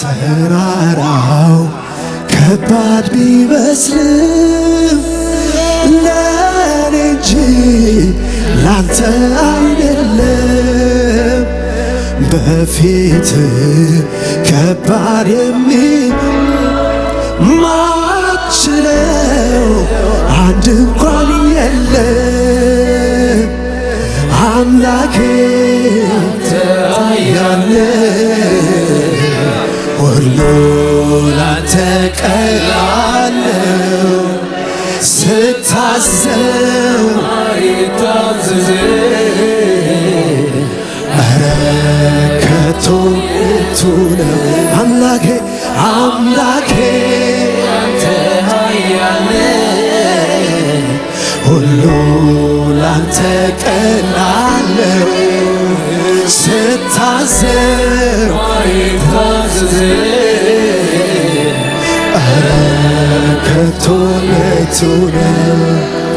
ተራራው ከባድ ቢመስልም ለኔ እንጂ ላንተ አይደለም። በፊት ከባድ የሚ ማችለው አንድ እንኳን የለም አምላኬ ታያለ ሁሉ ላንተ ቀላለው ስታዘው አይታዘዘ ከቶ ቱ ነው አምላኬ አምላኬ አንተ ኃያል ሁሉ ላንተ ቀላለው ስታዘው አይታዘዘ ከቶ ለይቶ ነው